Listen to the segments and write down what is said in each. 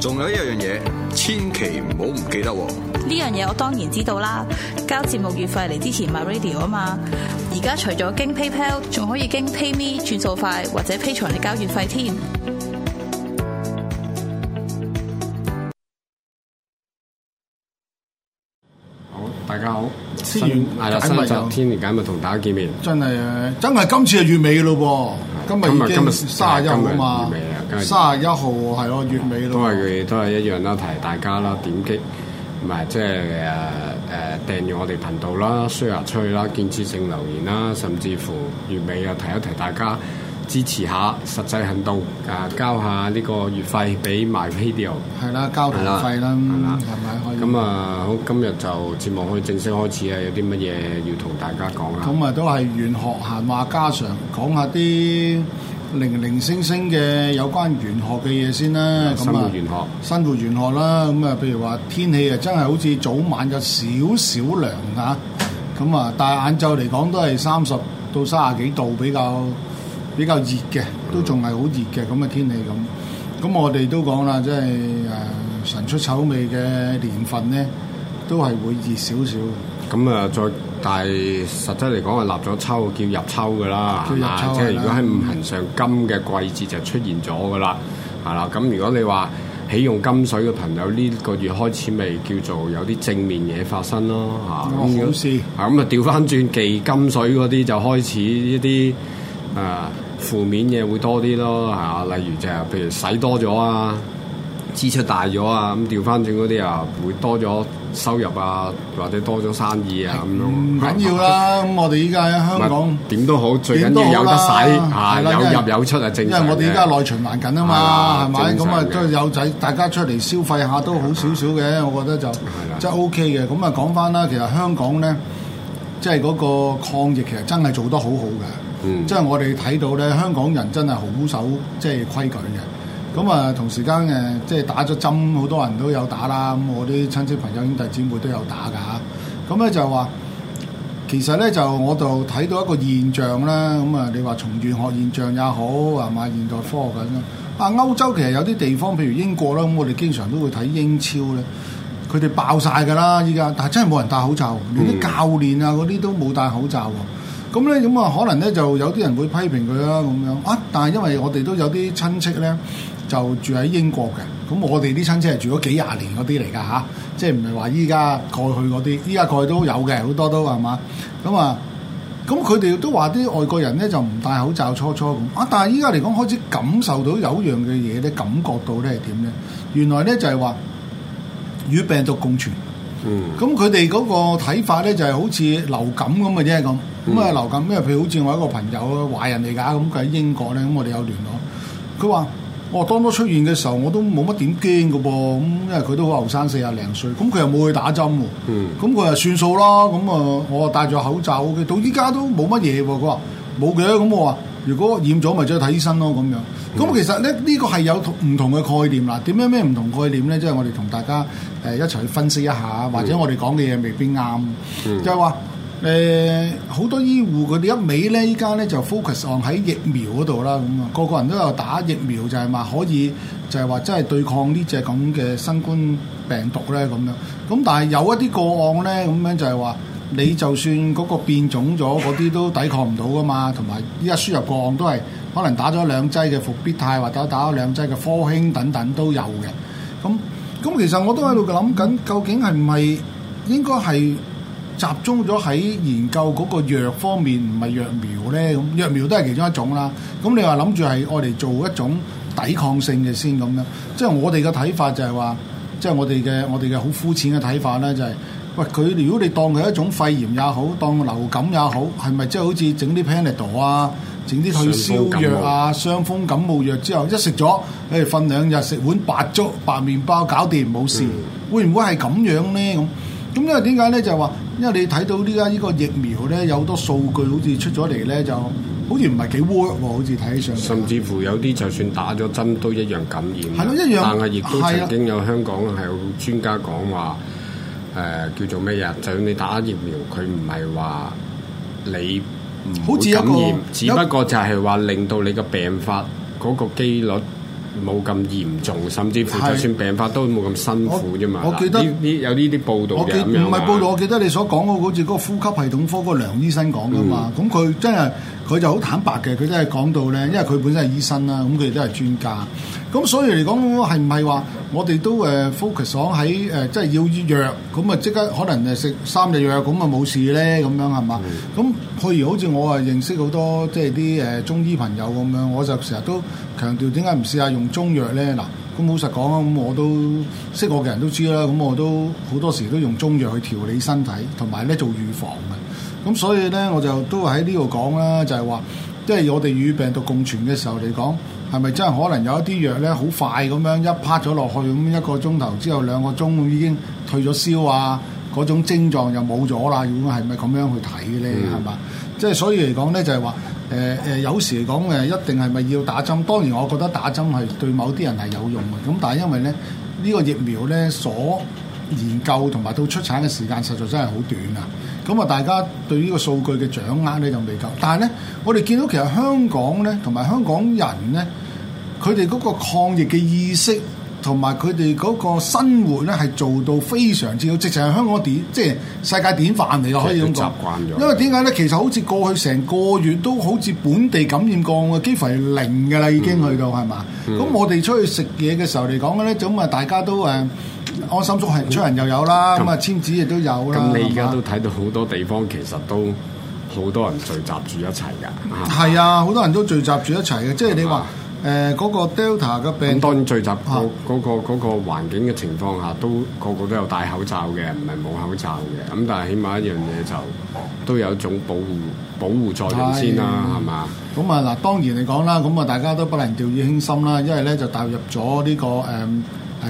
仲有一樣嘢，千祈唔好唔記得。呢樣嘢我當然知道啦，交節目月費嚟支持 MyRadio 啊嘛。而家除咗經 PayPal，仲可以經 PayMe 轉數快或者 Patreon 嚟交月費添。好，大家好，新年啊，新集天玄解密同大家見面，真係真係今次係月尾咯噃。今日已經三十一號嘛，今，今日月尾啊，今日三十一號，係、嗯、咯，月尾美咯。都係佢，哋都係一樣啦，提大家啦，點擊，唔係即係誒誒訂閱我哋頻道啦，share 出去啦，建設性留言啦，甚至乎月尾又提一提大家。支持下實際行動，啊交下呢個月費俾埋 video。係啦，交月費啦，係咪？咁啊，好，今日就節目可以正式開始啊！有啲乜嘢要同大家講啊？咁啊、嗯，都係玄學閒話家常，講下啲零零星星嘅有關玄學嘅嘢先啦。咁生活玄學，生活玄學啦。咁啊，譬如話天氣啊，真係好似早晚有少少涼吓，咁啊，但係晏晝嚟講都係三十到三十幾度比較。比較熱嘅，都仲係好熱嘅咁嘅天氣咁。咁我哋都講啦，即係誒、呃、神出醜味嘅年份咧，都係會熱少少。咁啊、嗯，再但係實質嚟講係立咗秋，叫入秋嘅啦，秋啊、即係如果喺五行上金嘅季節就出現咗嘅啦，係、嗯、啦。咁如果你話喜用金水嘅朋友，呢、呢個月開始咪叫做有啲正面嘢發生咯，嚇。好事。啊，咁事啊調翻轉忌金水嗰啲就開始一啲誒。啊負面嘢會多啲咯，係例如就係譬如使多咗啊，支出大咗啊，咁調翻轉嗰啲啊，會多咗收入啊，或者多咗生意啊咁唔緊要啦，咁我哋依家喺香港點都好，最緊要有得使，係有入有出係正嘅。因為我哋依家內循環緊啊嘛，係咪？咁啊都有仔，大家出嚟消費下都好少少嘅，我覺得就係 OK 嘅。咁啊講翻啦，其實香港咧，即係嗰個抗疫其實真係做得好好嘅。嗯、即係我哋睇到咧，香港人真係好守即係規矩嘅。咁、嗯、啊，同時間誒，即係打咗針，好多人都有打啦。咁、嗯、我啲親戚朋友兄弟姊妹都有打㗎。咁咧就話，其實咧就我就睇到一個現象啦。咁、嗯、啊，你話從玄學現象也好，係咪現代科學咁樣啊？歐洲其實有啲地方，譬如英國啦，咁、嗯、我哋經常都會睇英超咧，佢哋爆晒㗎啦依家。但係真係冇人戴口罩，連啲教練啊嗰啲都冇戴口罩喎。嗯咁咧，咁啊，可能咧就有啲人會批評佢啦，咁樣啊。但係因為我哋都有啲親戚咧，就住喺英國嘅，咁我哋啲親戚係住咗幾廿年嗰啲嚟㗎吓，即係唔係話依家過去嗰啲，依家過去都有嘅，好多都係嘛。咁啊，咁佢哋都話啲外國人咧就唔戴口罩，初初咁啊。但係依家嚟講，開始感受到有一樣嘅嘢咧，感覺到咧係點咧？原來咧就係話與病毒共存。咁佢哋嗰個睇法咧就係、是、好似流感咁嘅啫咁，咁啊、嗯、流感，咩？譬如好似我一個朋友華人嚟㗎，咁佢喺英國咧，咁我哋有聯絡，佢話我當初出現嘅時候我都冇乜點驚嘅噃，咁因為佢都好後生四廿零歲，咁佢又冇去打針喎，咁佢又算數啦，咁啊我戴咗口罩，OK，到依家都冇乜嘢喎，佢話冇嘅，咁我話。如果染咗，咪再睇醫生咯咁樣。咁、嗯、其實咧，呢、這個係有唔同嘅概念啦。點樣咩唔同概念咧？即、就、係、是、我哋同大家誒、呃、一齊去分析一下，嗯、或者我哋講嘅嘢未必啱。嗯、就係話誒，好、呃、多醫護佢哋一味咧，依家咧就 focus on 喺疫苗嗰度啦。咁啊，個個人都有打疫苗，就係、是、嘛可以，就係話真係對抗呢隻咁嘅新冠病毒咧咁樣。咁但係有一啲個案咧，咁樣就係、是、話。你就算嗰個變種咗嗰啲都抵抗唔到㗎嘛，同埋依家輸入個案都係可能打咗兩劑嘅伏必泰，或者打咗兩劑嘅科興等等都有嘅。咁咁其實我都喺度諗緊，究竟係唔係應該係集中咗喺研究嗰個藥方面，唔係藥苗咧？咁藥苗都係其中一種啦。咁你話諗住係我哋做一種抵抗性嘅先咁樣？即係我哋嘅睇法就係話，即係我哋嘅我哋嘅好膚淺嘅睇法咧，就係。喂，佢如果你當佢係一種肺炎也好，當流感也好，係咪即係好似整啲 Panadol 啊，整啲退燒藥啊、傷風，風感冒藥之後，一食咗，誒瞓兩日，食碗白粥、白麵包搞，搞掂冇事，嗯、會唔會係咁樣咧？咁咁因為點解咧？就係話，因為你睇到呢家呢個疫苗咧，有多數據好似出咗嚟咧，就好似唔係幾 work 喎，好似睇起上。甚至乎有啲就算打咗針都一樣感染、啊，係咯、啊、一樣。但係亦都曾經有香港係有專家講、啊、話。誒、呃、叫做咩呀？就算你打疫苗，佢唔係話你唔會感染，一個只不過就係話令到你個病發嗰有個機率冇咁嚴重，甚至乎就算病發都冇咁辛苦啫嘛。嗱，呢呢、啊、有呢啲報道嘅唔係報道，我記得你所講嘅好似嗰個呼吸系統科嗰個梁醫生講噶嘛，咁佢真係。嗯佢就好坦白嘅，佢都係講到咧，因為佢本身係醫生啦，咁佢哋都係專家，咁所以嚟講係唔係話我哋都誒 focus on 喺誒、呃，即係要醫藥咁啊，即刻可能誒食三日藥咁啊冇事咧，咁樣係嘛？咁譬、嗯、如好似我啊認識好多即係啲誒中醫朋友咁樣，我就成日都強調點解唔試下用中藥咧？嗱，咁好實講啊，咁我都識我嘅人都知啦，咁我都好多時都用中藥去調理身體同埋咧做預防嘅。咁所以咧，我就都喺呢度講啦，就係話，即係我哋與病毒共存嘅時候嚟講，係咪真係可能有一啲藥咧，好快咁樣一啪咗落去，咁一個鐘頭之後兩個鐘已經退咗燒啊，嗰種症狀又冇咗啦。如果係咪咁樣去睇咧，係嘛、嗯？即係所以嚟講咧，就係話，誒誒，有時嚟講誒，一定係咪要打針？當然，我覺得打針係對某啲人係有用嘅。咁但係因為咧，呢個疫苗咧所研究同埋到出產嘅時間，實在真係好短啊！咁啊，大家對呢個數據嘅掌握咧就未夠，但係咧，我哋見到其實香港咧同埋香港人咧，佢哋嗰個抗疫嘅意識同埋佢哋嗰個生活咧係做到非常之好，直情係香港典，即係世界典範嚟嘅，可以咁講。習慣咗，因為點解咧？其實好似過去成個月都好似本地感染降嘅，幾乎係零㗎喇，已經去到係嘛？咁我哋出去食嘢嘅時候，嚟講嘅咧，咁啊，大家都誒。呃安心出行出人又有啦，咁啊簽紙亦都有啦。咁你而家都睇到好多地方，其實都好多人聚集住一齊㗎。係啊，好吧多人都聚集住一齊嘅，吧即係你話誒嗰個 Delta 嘅病。咁當然聚集嗰嗰、啊嗰個嗰個環境嘅情況下，都個個都有戴口罩嘅，唔係冇口罩嘅。咁但係起碼一樣嘢就都有一種保護保護作用先啦，係嘛的？咁啊嗱，當然嚟講啦，咁啊大家都不能掉以輕心啦。因為咧就踏入咗呢、呢個誒。嗯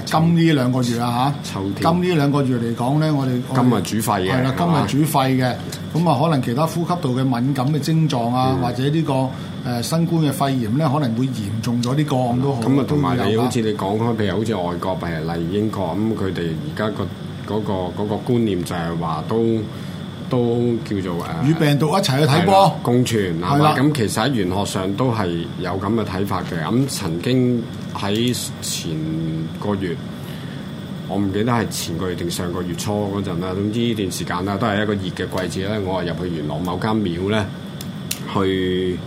今呢兩個月啊嚇，天今呢兩個月嚟講咧，我哋今日煮肺嘅，啦吧，今日煮肺嘅，咁啊可能其他呼吸道嘅敏感嘅症狀啊，嗯、或者呢、這個誒、呃、新冠嘅肺炎咧，可能會嚴重咗啲個案都好。咁啊、嗯，同埋你好似你講開，譬如好似外國，譬如例如英國，咁佢哋而家個嗰個嗰個觀念就係話都。都叫做誒、啊、與病毒一齊去睇波共存，係啦的。咁、嗯、其實喺玄學上都係有咁嘅睇法嘅。咁、嗯、曾經喺前個月，我唔記得係前個月定上個月初嗰陣啦。總之呢段時間啦，都係一個熱嘅季節咧。我係入去元朗某間廟咧，去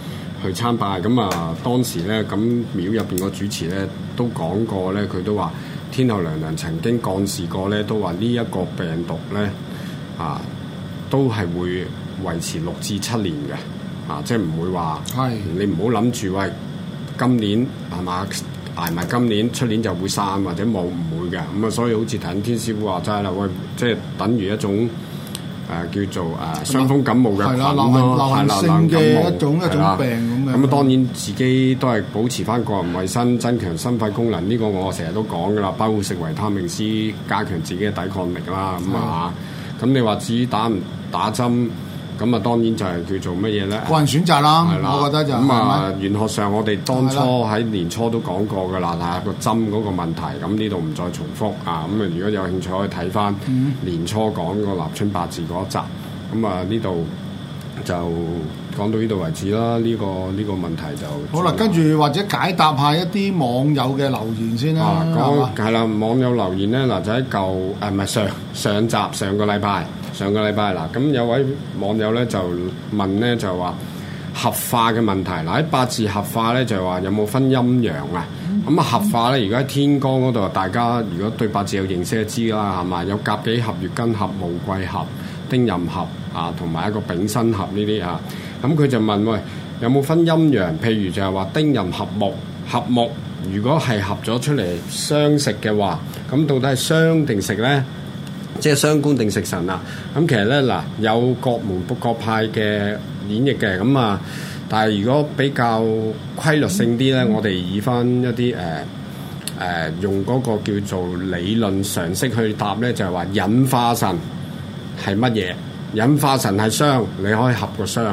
去參拜。咁、嗯、啊、嗯，當時咧，咁、嗯、廟入邊個主持咧都講過咧，佢都話天后娘娘曾經降示過咧，都話呢一個病毒咧啊。都係會維持六至七年嘅，啊，即係唔會話，的你唔好諗住喂，今年係嘛，挨、哎、埋、哎、今年，出年就會散或者冇唔會嘅，咁啊，所以好似頭天師傅話齋啦，喂、哎，即係等於一種誒、啊、叫做誒傷、啊、風感冒嘅病毒係啦，流行性嘅一，冒一種一種病咁嘅。咁啊，當然自己都係保持翻個人衞生，增強心肺功能呢、這個我成日都講㗎啦，包括食維他命 C，加強自己嘅抵抗力啦，咁啊，咁、啊、你話至於打打針咁啊，當然就係叫做乜嘢咧？個人選擇啦，我覺得就咁、是、啊。玄嗎學上，我哋當初喺年初都講過㗎啦，的啊個針嗰個問題，咁呢度唔再重複啊。咁啊，如果有興趣可以睇翻年初講個立春八字嗰一集。咁、嗯、啊，呢度就講到呢度為止啦。呢、這個呢、這個問題就好啦。跟住或者解答一下一啲網友嘅留言先啦、啊。講係、啊、吧啦，網友留言咧嗱，就喺舊誒唔係上上，上集上個禮拜。上個禮拜嗱，咁有位網友咧就問咧就話合化嘅問題嗱，喺八字合化咧就話有冇分陰陽啊？咁啊、嗯、合化咧，而家喺天光嗰度大家如果對八字有認識就知啦，係嘛？有甲己合、乙庚合、戊癸合、丁壬合啊，同埋一個丙辛合呢啲啊。咁佢就問喂，有冇分陰陽？譬如就係話丁壬合木，合木如果係合咗出嚟相食嘅話，咁到底係相定食咧？即係傷官定食神啦，咁其實咧嗱，有各門各派嘅演繹嘅，咁啊，但係如果比較規律性啲咧，嗯、我哋以翻一啲誒誒用嗰個叫做理論常識去答咧，就係、是、話引化神係乜嘢？引化神係傷，你可以合個傷；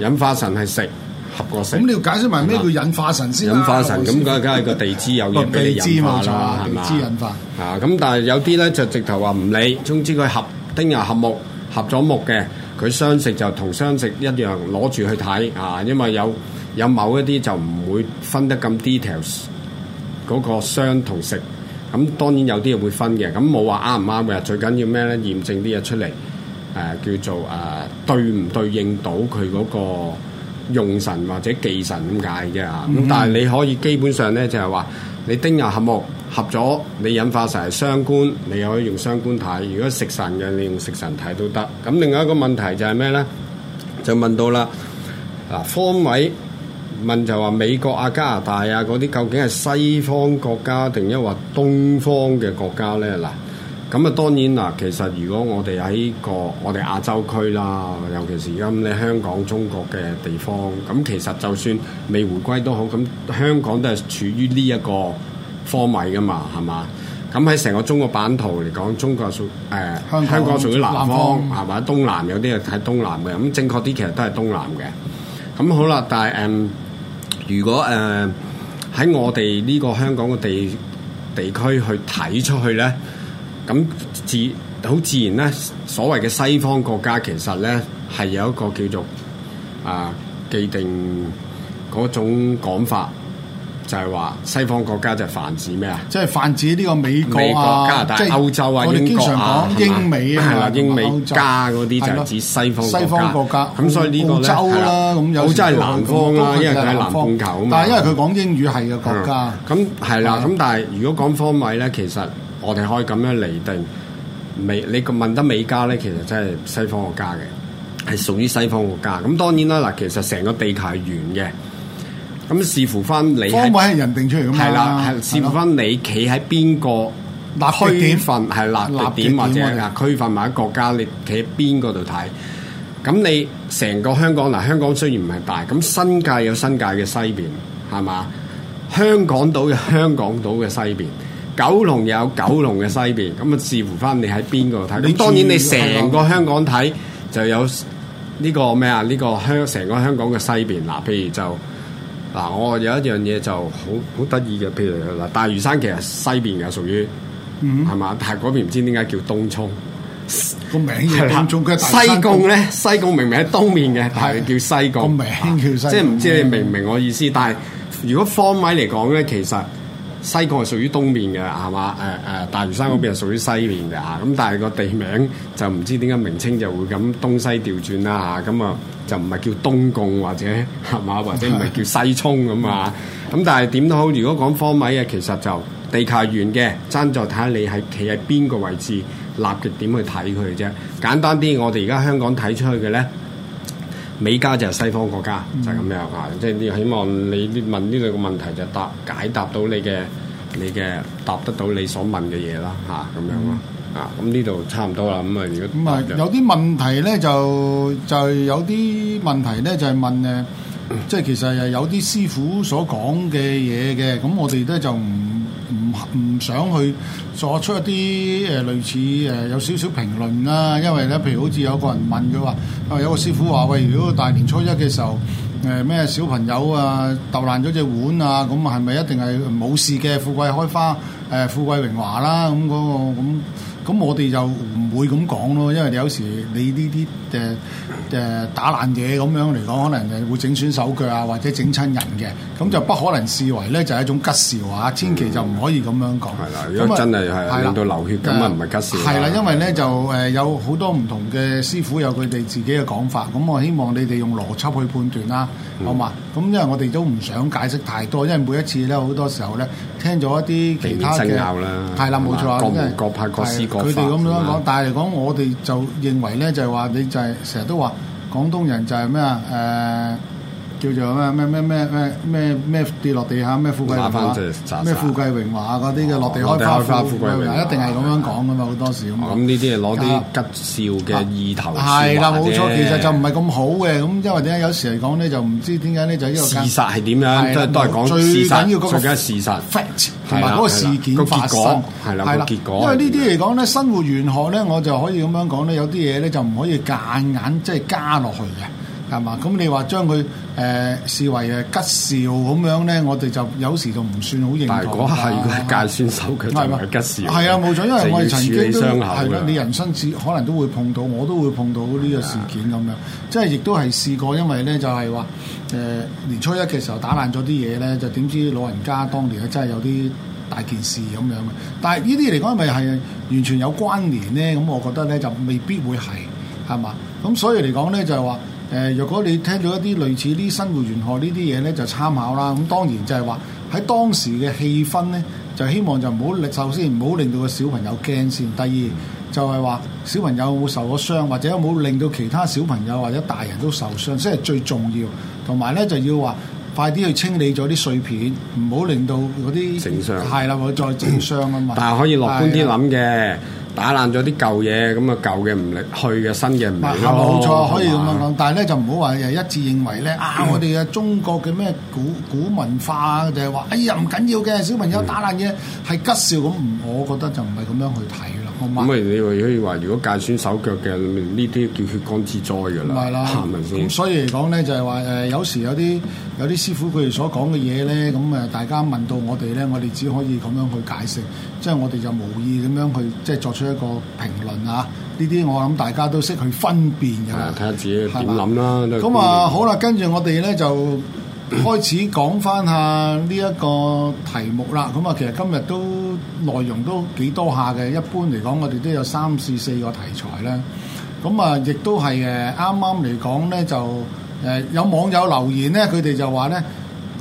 引化神係食。咁你要解釋埋咩叫引化神先？引化神咁，梗係梗係個地支有嘢俾你知嘛？啦，係嘛？引化啊，咁但係有啲咧就直頭話唔理，總之佢合丁日合木，合咗木嘅，佢相食就同相食一樣攞住去睇啊！因為有有某一啲就唔會分得咁 details 嗰個相同食。咁、啊、當然有啲嘢會分嘅，咁冇話啱唔啱嘅。最緊要咩咧？驗證啲嘢出嚟，誒、啊、叫做誒、啊、對唔對應到佢嗰、嗰個。嗯用神或者忌神咁解嘅，咁但係你可以基本上咧就係話你丁酉合木合咗，你引化成係相官，你可以用相官睇；如果食神嘅，你用食神睇都得。咁另外一個問題就係咩咧？就問到啦，嗱，方位問就話美國啊、加拿大啊嗰啲究竟係西方國家定抑或東方嘅國家咧？嗱。咁啊，當然嗱，其實如果我哋喺個我哋亞洲區啦，尤其是而家咁咧，香港中國嘅地方，咁其實就算未回歸都好，咁香港都係處於呢一個方位噶嘛，係嘛？咁喺成個中國版圖嚟講，中國屬誒、呃、香港屬於南方啊，方或者東南有啲係睇東南嘅，咁正確啲其實都係東南嘅。咁好啦，但係誒、呃，如果誒喺、呃、我哋呢個香港嘅地地區去睇出去咧？咁自好自然咧，所謂嘅西方國家其實咧係有一個叫做啊既定嗰種講法，就係話西方國家就泛指咩啊？即係泛指呢個美國啊、加拿大、歐洲啊、英國啊、英美啊，係啦，英美加嗰啲就係指西方西方國家。咁所以呢個咧，係啦，好真係南方啦，因為佢係南半球，但係因為佢講英語系嘅國家。咁係啦，咁但係如果講貨米咧，其實我哋可以咁樣嚟定美，你問得美加咧，其實真係西方國家嘅，係屬於西方國家。咁當然啦，嗱，其實成個地球係圓嘅。咁視乎翻你，方位係人定出嚟嘅嘛。係啦，係視乎翻你企喺邊個區份，係立點或者區份，或者國家，你企喺邊個度睇。咁你成個香港嗱，香港雖然唔係大，咁新界有新界嘅西邊，係嘛？香港島有香港島嘅西邊。九龍有九龍嘅西邊，咁啊視乎翻你喺邊個睇。咁當然你成個香港睇就有呢個咩啊？呢個香成個香港嘅西邊嗱，譬如就嗱，我有一樣嘢就好好得意嘅，譬如嗱，大嶼山其實西邊嘅屬於，嗯，係嘛？但係嗰邊唔知點解叫東涌，個名叫。係啦的，西貢咧，西貢明明喺東面嘅，的但係叫西貢個名叫西。啊、即係唔知你明唔明我意思？嗯、但係如果方位嚟講咧，其實。西貢係屬於東面嘅，係嘛？誒誒，大嶼山嗰邊係屬於西面嘅嚇。咁、嗯、但係個地名就唔知點解名稱就會咁東西調轉啦嚇。咁啊，啊，啊就唔係叫東貢或者係嘛，或者唔係叫西涌咁啊。咁、嗯、但係點都好，如果講方位嘅，其實就地球係圓嘅，爭在睇下你係企喺邊個位置立極點去睇佢啫。簡單啲，我哋而家香港睇出去嘅咧。美加就係西方國家，就係、是、咁樣嚇，即係你希望你啲問呢兩個問題就答解答到你嘅，你嘅答得到你所問嘅嘢啦嚇，咁樣咯，啊，咁呢度差唔多啦，咁啊、嗯、如果、嗯、有啲問題咧就就有啲問題咧就係、是、問誒，即、啊、係、就是、其實係有啲師傅所講嘅嘢嘅，咁我哋咧就唔。唔想去作出一啲誒、呃、類似誒、呃、有少少評論啦，因為咧，譬如好似有個人問佢話，啊有個師傅話：「喂，如果大年初一嘅時候，誒、呃、咩小朋友啊，抌爛咗隻碗啊，咁係咪一定係冇事嘅？富貴開花，誒、呃、富貴榮華啦，咁、啊嗰個咁，咁我哋就。會咁講咯，因為有時你呢啲誒誒打爛嘢咁樣嚟講，可能誒會整損手腳啊，或者整親人嘅，咁就不可能視為咧就係一種吉兆啊！千祈就唔可以咁樣講。係啦，如果真係令到流血咁啊，唔係吉兆。係啦，因為咧就誒有好多唔同嘅師傅有佢哋自己嘅講法，咁我希望你哋用邏輯去判斷啦，好嘛？咁因為我哋都唔想解釋太多，因為每一次咧好多時候咧聽咗一啲其他嘅爭拗啦，係啦，冇錯啊，因為各派各師各法啊嘛。嚟講，我哋就認為咧，就係話，你就係成日都話廣東人就係咩啊？誒、呃。叫做咩咩咩咩咩咩咩，跌落地下，咩富貴榮華，咩富貴榮華嗰啲嘅，落地開花富貴榮華，一定係咁樣講噶嘛，好多時咁。咁呢啲係攞啲吉兆嘅意頭。係啦，冇錯，其實就唔係咁好嘅。咁因為點解有時嚟講咧，就唔知點解咧，就呢個事實係點樣？都係講最緊要講緊事實。同埋嗰個事件嘅發生結果係啦，結果。因為呢啲嚟講咧，生活玄學咧，我就可以咁樣講咧，有啲嘢咧就唔可以夾硬即係加落去嘅。係嘛？咁你話將佢誒、呃、視為誒吉兆咁樣咧，我哋就有時就唔算好認同。但係嗰下如果係界親手，佢係嘛？就唔係吉兆。係啊，冇錯，因為我哋曾經都係、啊、你人生可能都會碰到，我都會碰到呢個事件咁樣。啊、即係亦都係試過，因為咧就係話誒年初一嘅時候打爛咗啲嘢咧，就點知老人家當年真係有啲大件事咁樣。但係呢啲嚟講，咪係完全有關聯咧？咁我覺得咧就未必會係係嘛。咁所以嚟講咧就係話。誒，若果你聽到一啲類似啲生活玄學呢啲嘢呢，就參考啦。咁當然就係話喺當時嘅氣氛呢，就希望就唔好受先，唔好令到個小朋友驚先。第二就係、是、話小朋友有冇受咗傷，或者有冇令到其他小朋友或者大人都受傷，即係最重要。同埋呢，就要話快啲去清理咗啲碎片，唔好令到嗰啲係啦，再整傷啊嘛。嗯、但係可以樂觀啲諗嘅。是打爛咗啲舊嘢，咁啊舊嘅唔力，去嘅新嘅唔好咯。冇錯，可以咁樣講，吧但係咧就唔好話誒一致認為咧 啊！我哋嘅中國嘅咩古古文化就係、是、話哎呀唔緊要嘅，小朋友打爛嘢係吉兆咁，唔我覺得就唔係咁樣去睇。咁啊！好你可以話，如果界損手腳嘅呢啲叫血光之災噶啦，係咪先？ 所以嚟講咧，就係話誒，有時有啲有啲師傅佢哋所講嘅嘢咧，咁誒，大家問到我哋咧，我哋只可以咁樣去解釋，即係我哋就無意咁樣去即係作出一個評論啊！呢啲我諗大家都識去分辨㗎。睇下自己點諗啦。咁啊，好啦，跟住我哋咧就，開始講翻下呢一個題目啦，咁啊，其實今日都內容都幾多下嘅，一般嚟講我哋都有三四四個題材啦。咁啊，亦都係誒啱啱嚟講咧，就誒有網友留言咧，佢哋就話咧，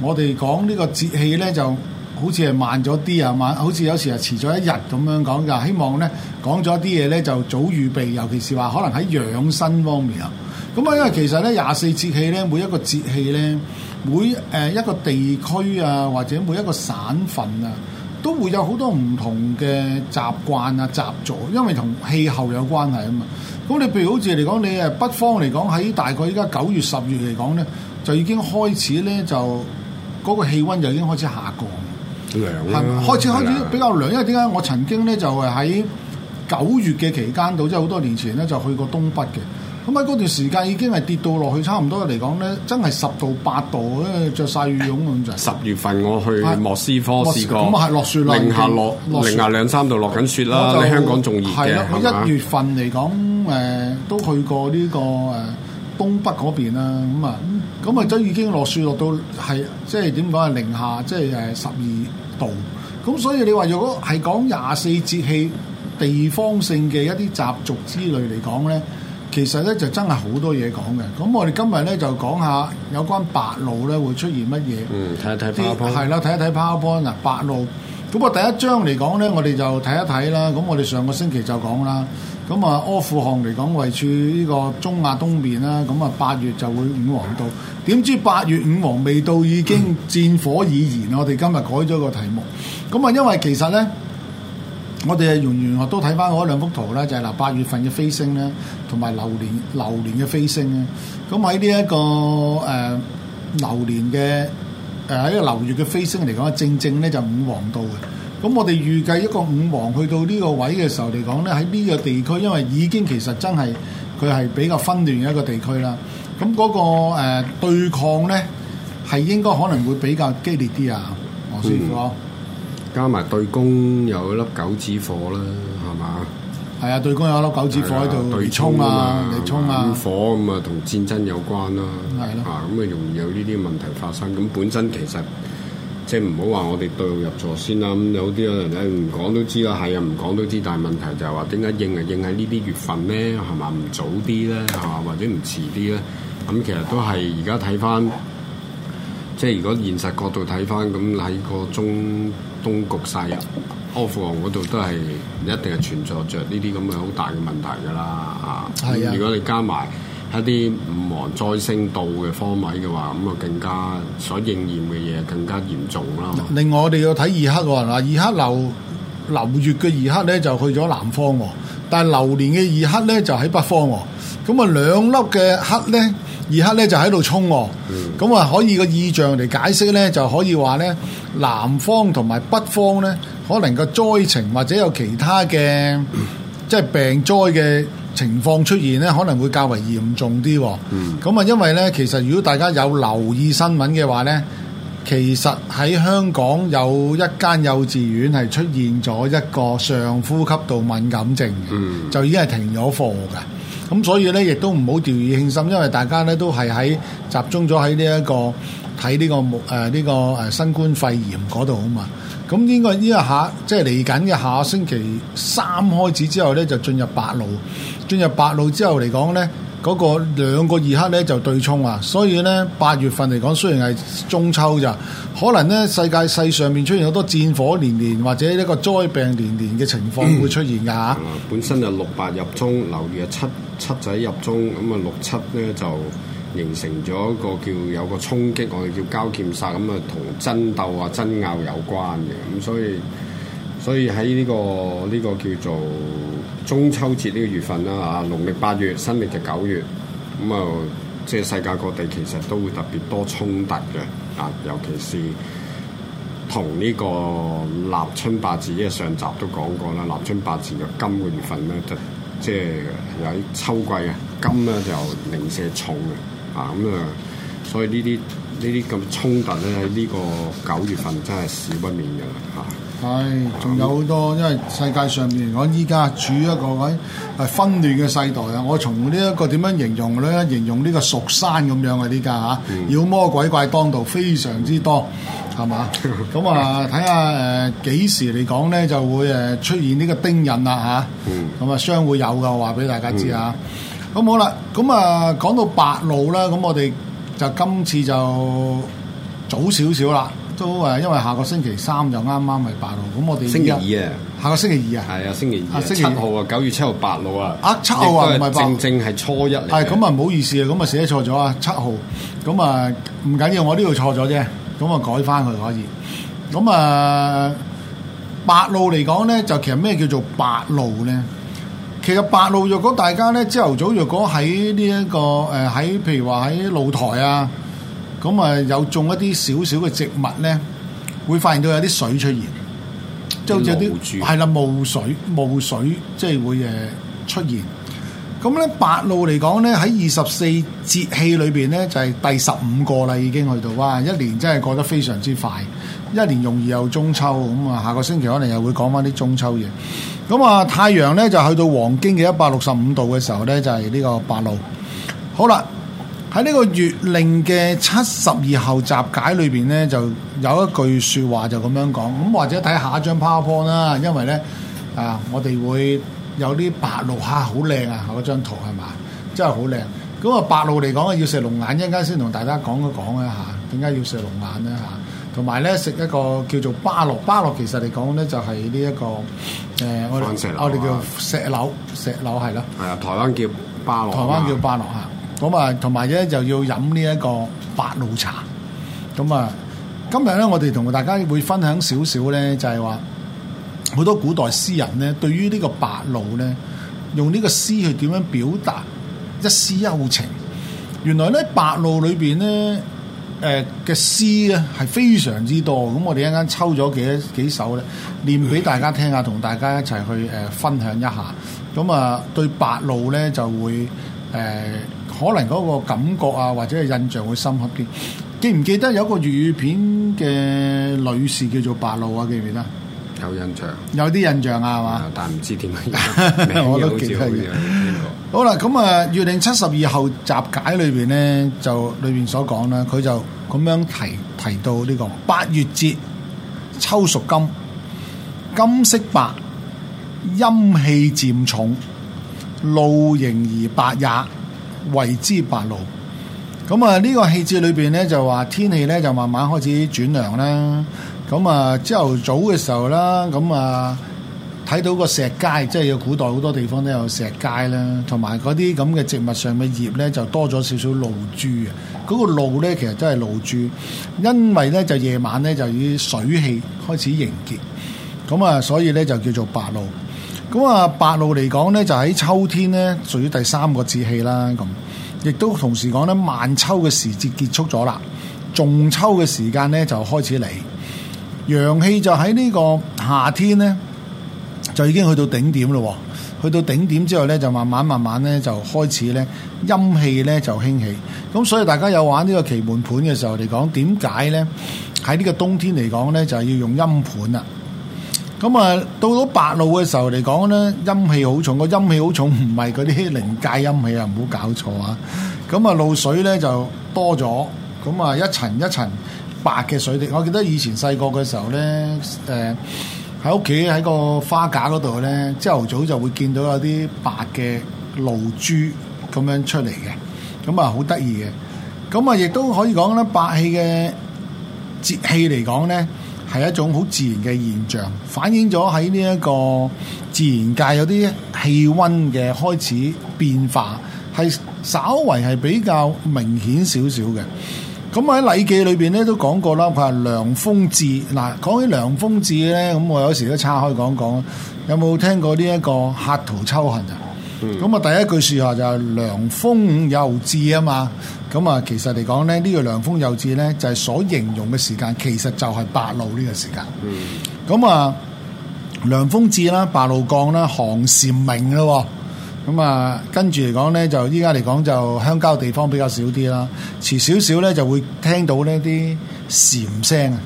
我哋講呢個節氣咧，就好似係慢咗啲啊，慢好似有時係遲咗一日咁樣講㗎。希望咧講咗啲嘢咧就早預備，尤其是話可能喺養生方面啊。咁啊，因為其實咧，廿四節氣咧，每一個節氣咧，每誒一個地區啊，或者每一個省份啊，都會有好多唔同嘅習慣啊、習俗，因為同氣候有關係啊嘛。咁你譬如好似嚟講，你誒北方嚟講，喺大概依家九月、十月嚟講咧，就已經開始咧，就嗰個氣温就已經開始下降，涼啊，開始開始比較涼。因為點解我曾經咧就係喺九月嘅期間度，即係好多年前咧就去過東北嘅。咁喺嗰段時間已經係跌到落去，差唔多嚟講咧，真係十度八度因為，着晒羽絨咁就。十月份我去莫斯科的試過，咁啊，落雪啦，零下落下雪零下兩三度落緊雪啦。喺就香港仲熱嘅，係啦，佢一月份嚟講，誒、呃、都去過呢、這個誒、呃、東北嗰邊啦，咁、嗯、啊，咁啊，都已經落雪落到係即係點講啊？零下即係誒十二度。咁所以你話如果係講廿四節氣地方性嘅一啲習俗之類嚟講咧？其實咧就真係好多嘢講嘅，咁我哋今日咧就講下有關白露咧會出現乜嘢。嗯，睇一睇 PowerPoint，係啦，睇一睇 PowerPoint 嗱。白露，咁啊第一章嚟講咧，我哋就睇一睇啦。咁我哋上個星期就講啦。咁啊，阿富汗嚟講位處呢個中亞東邊啦。咁啊，八月就會五黃到，點知八月五黃未到已經戰火已燃。嗯、我哋今日改咗個題目，咁啊，因為其實咧。我哋啊，容唔容我都睇翻嗰兩幅圖啦，就係嗱八月份嘅飛星啦，同埋流年流年嘅飛星咧。咁喺呢一個誒流年嘅誒喺個流月嘅飛星嚟講，正正咧就五黃到嘅。咁我哋預計一個五黃去到呢個位嘅時候嚟講咧，喺呢個地區，因為已經其實真係佢係比較紛亂嘅一個地區啦。咁嗰、那個誒、呃、對抗咧，係應該可能會比較激烈啲啊，黃師傅。加埋對公有一粒九子火啦，係嘛？係啊，對公有一粒九子火喺度對沖啊，對沖啊！火咁啊，同吧、啊啊、戰爭有關啦，係咯。啊，咁啊，容易、啊、有呢啲問題發生。咁本身其實即係唔好話我哋對號入座先啦。咁有啲人喺度唔講都知啦，係啊，唔講都知。但係問題就係話點解應啊應喺呢啲月份咧？係嘛，唔早啲咧，係嘛，或者唔遲啲咧？咁其實都係而家睇翻，即、就、係、是、如果現實角度睇翻，咁喺個中，東局西入，阿富汗嗰度都係一定係存在着呢啲咁嘅好大嘅問題㗎啦嚇。咁、啊嗯、如果你加埋一啲五黃再生到嘅方位嘅話，咁啊更加所應驗嘅嘢更加嚴重啦。另外我哋要睇二黑喎，嗱，二黑流流月嘅二黑咧就去咗南方喎、啊，但係流年嘅二黑咧就喺北方喎、啊。咁啊，兩粒嘅黑呢，二黑呢就喺度衝喎、哦。咁啊、嗯，可以個意象嚟解釋呢，就可以話呢南方同埋北方呢，可能個災情或者有其他嘅、嗯、即係病災嘅情況出現呢，可能會較為嚴重啲、哦。咁啊、嗯，因為呢，其實如果大家有留意新聞嘅話呢，其實喺香港有一間幼稚園係出現咗一個上呼吸道敏感症嘅、嗯、就已經係停咗課噶。咁所以咧，亦都唔好掉以輕心，因為大家咧都係喺集中咗喺呢一個睇呢、呢個木呢、呃呢個誒新冠肺炎嗰度啊嘛。咁應該呢一下即係嚟緊嘅下星期三開始之後咧，就進入白露。進入白露之後嚟講咧。嗰個兩個二黑咧就對沖啊，所以咧八月份嚟講雖然係中秋咋，可能咧世界世界上面出現好多戰火連連，或者一個災病連連嘅情況會出現㗎嚇。嗯啊、本身就六八入中，嗯、留意啊七七仔入中，咁、嗯、啊六七咧就形成咗一個叫有個衝擊，我哋叫交劍殺咁啊，同、嗯、爭鬥啊爭拗有關嘅，咁、嗯、所以。所以喺呢、這個呢、這個叫做中秋節呢個月份啦嚇，農曆八月、新曆就九月，咁、嗯、啊，即、呃、係、就是、世界各地其實都會特別多衝突嘅，啊，尤其是同呢個立春八字，因為上集都講過啦，立春八字嘅金嘅月份咧，就即係喺秋季啊，金咧就零舍重嘅，啊，咁、嗯、啊，所以呢啲呢啲咁衝突咧喺呢個九月份真係少不免㗎啦嚇。啊係，仲、哎、有好多，因為世界上面我依家處一個位分混亂嘅世代啊！我從呢一個點樣形容咧？形容呢個蜀山咁樣嘅呢家嚇，嗯、妖魔鬼怪當道，非常之多，係嘛？咁啊， 睇下誒幾時嚟講咧，就會誒出現呢個丁印啦吓，咁啊，相、嗯、會有噶，話俾大家知啊！咁、嗯、好啦，咁啊講到白露啦，咁我哋就今次就早少少啦。都啊，因為下個星期三就啱啱咪白露，咁我哋星期二啊，下個星期二啊，係啊，星期二啊，七號啊，九月七號白露啊，啊七號啊唔係正正係初一嚟，係咁啊唔好意思啊，咁啊寫錯咗啊，七號，咁啊唔緊要，我呢度錯咗啫，咁啊改翻佢可以，咁啊白露嚟講咧，就其實咩叫做白露咧？其實白露若果大家咧，朝頭早若果喺呢一個誒，喺、呃、譬如話喺露台啊。咁啊、嗯，有種一啲少少嘅植物咧，會發現到有啲水出現，即係好似有啲係啦，霧水霧水即係會誒出現。咁、嗯、咧，白露嚟講咧，喺二十四節氣裏邊咧，就係、是、第十五個啦，已經去到哇！一年真係過得非常之快，一年容易有中秋，咁、嗯、啊，下個星期可能又會講返啲中秋嘢。咁、嗯、啊，太陽咧就去到黃經嘅一百六十五度嘅時候咧，就係、是、呢個白露。好啦。喺呢個月令嘅七十二候集解裏邊咧，就有一句説話就咁樣講。咁或者睇下一張 powerpoint 啦，因為咧啊，我哋會有啲白露蝦好靚啊！嗰張圖係嘛，真係好靚。咁啊，白露嚟講啊，要食龍眼，一陣間先同大家講一講啊嚇。點解要食龍眼咧嚇？同埋咧食一個叫做巴洛，巴洛其實嚟講咧就係呢一個誒，呃啊、我哋我哋叫石榴，石榴係咯，係啊，台灣叫巴洛，台灣叫巴洛嚇。咁啊，同埋咧就要飲呢一個白露茶。咁啊，今日咧我哋同大家會分享少少咧，就係話好多古代詩人咧，對於呢個白露咧，用呢個詩去點樣表達一絲幽情。原來咧白露裏邊咧，誒、呃、嘅詩啊係非常之多。咁我哋一陣間抽咗幾幾首咧，念俾大家聽下，同大家一齊去誒、呃、分享一下。咁、呃、啊，對白露咧就會誒。呃可能嗰個感覺啊，或者係印象會深刻啲。記唔記得有個粵語片嘅女士叫做白露啊？記唔記得？有印象，有啲印象啊，係嘛、嗯？吧但唔知點解， 我都記唔起。 國好啦，咁啊，《月令七十二候集解》裏邊咧，就裏邊所講啦，佢就咁樣提提到呢、這個八月節，秋屬金，金色白，陰氣漸重，露凝而白也。謂之白露，咁啊呢個氣節裏邊咧就話天氣咧就慢慢開始轉涼啦，咁啊朝頭早嘅時候啦，咁啊睇到個石階，即係古代好多地方都有石階啦，同埋嗰啲咁嘅植物上嘅葉咧就多咗少少露珠啊，嗰、嗰個露咧其實都係露珠，因為咧就夜晚咧就以水氣開始凝結，咁啊所以咧就叫做白露。咁啊，白露嚟講咧，就喺秋天咧，屬於第三個節氣啦。咁，亦都同時講咧，慢秋嘅時節結束咗啦，仲秋嘅時間咧就開始嚟。陽氣就喺呢個夏天咧就已經去到頂點咯，去到頂點之後咧就慢慢慢慢咧就開始咧陰氣咧就興起。咁所以大家有玩呢個奇門盤嘅時候嚟講，點解咧喺呢個冬天嚟講咧就係要用陰盤啦。咁啊，到咗白露嘅時候嚟講咧，陰氣好重，個陰氣好重，唔係嗰啲靈界陰氣啊，唔好搞錯啊！咁啊，露水咧就多咗，咁啊一層一層白嘅水滴。我記得以前細個嘅時候咧，誒喺屋企喺個花架嗰度咧，朝頭早就會見到有啲白嘅露珠咁樣出嚟嘅，咁啊好得意嘅。咁啊，亦都可以講咧，白氣嘅節氣嚟講咧。係一種好自然嘅現象，反映咗喺呢一個自然界有啲氣溫嘅開始變化，係稍為係比較明顯少少嘅。咁喺《禮記》裡面裏邊咧都講過啦，佢係涼風至。嗱，講起涼風至咧，咁我有時都岔開講講，有冇聽過呢一個客途秋恨啊？咁啊、嗯，第一句說話就係涼風又至啊嘛。咁啊，其實嚟講咧，呢個涼風又至咧，就係所形容嘅時間，其實就係白露呢個時間。咁啊，涼風至啦，白露降啦，寒蟬鳴咯。咁啊，跟住嚟講咧，就依家嚟講就鄉郊地方比較少啲啦。遲少少咧就會聽到呢啲蟬聲啊。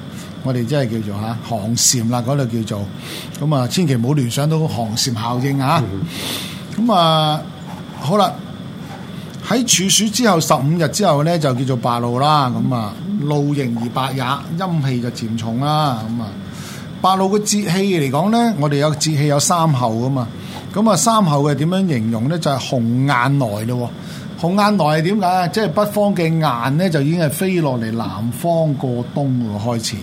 我哋即係叫做嚇寒蟬啦，嗰度叫做。咁啊，千祈唔好聯想到寒蟬效應嚇。咁啊，好啦。喺處暑之後十五日之後咧，就叫做白露啦。咁啊，露凝而白也，陰氣就漸重啦。咁啊，白露嘅節氣嚟講咧，我哋有節氣有三候噶嘛。咁啊，三候係點樣形容咧？就係、是、紅雁來咯、哦。紅雁來係點解？即係北方嘅雁咧，就已經係飛落嚟南方過冬嘅開始。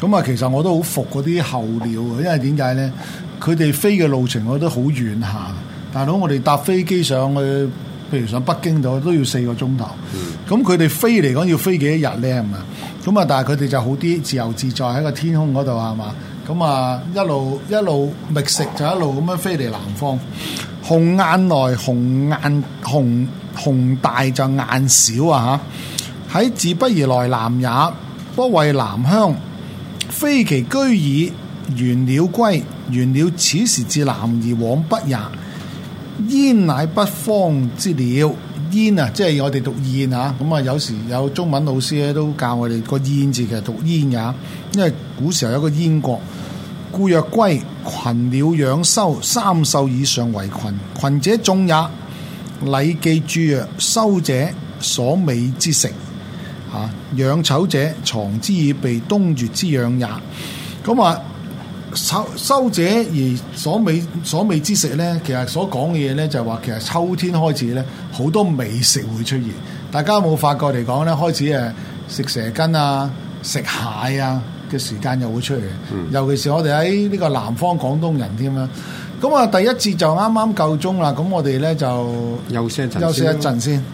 咁啊，其實我都好服嗰啲候鳥，因為點解咧？佢哋飛嘅路程我都好遠下。大佬，我哋搭飛機上去，譬如上北京度都要四個鐘頭，咁佢哋飛嚟講要飛幾多日咧？咁啊，咁啊，但係佢哋就好啲，自由自在喺個天空嗰度係嘛？咁啊、嗯，一路一路覓食就一路咁樣飛嚟南方。鴻雁來，鴻雁鴻，鴻大就雁小啊！喺自北而來南也，不為南鄉，非其居耳。玄鳥歸，玄鳥此時自南而往北也。燕乃北方之鳥，燕啊，即係我哋讀燕啊。咁、嗯、啊，有時有中文老師咧、啊、都教我哋、這個燕字其實讀燕也、啊，因為古時候有個燕國。故曰：歸群鳥養收，三秀以上為群。群者眾也。禮記註曰：修者所美之食。啊，養羞者藏之以備冬月之養也。咁、嗯、啊。嗯嗯嗯嗯秋收者而所美所美之食咧，其實所講嘅嘢咧，就係、是、話其實秋天開始咧，好多美食會出現。大家有冇發覺嚟講咧，開始誒食蛇羹啊、食蟹啊嘅時間又會出嚟，嗯、尤其是我哋喺呢個南方廣東人添啦。咁啊，第一節就啱啱夠鐘啦。咁我哋咧就休息一陣、啊，休息一陣先。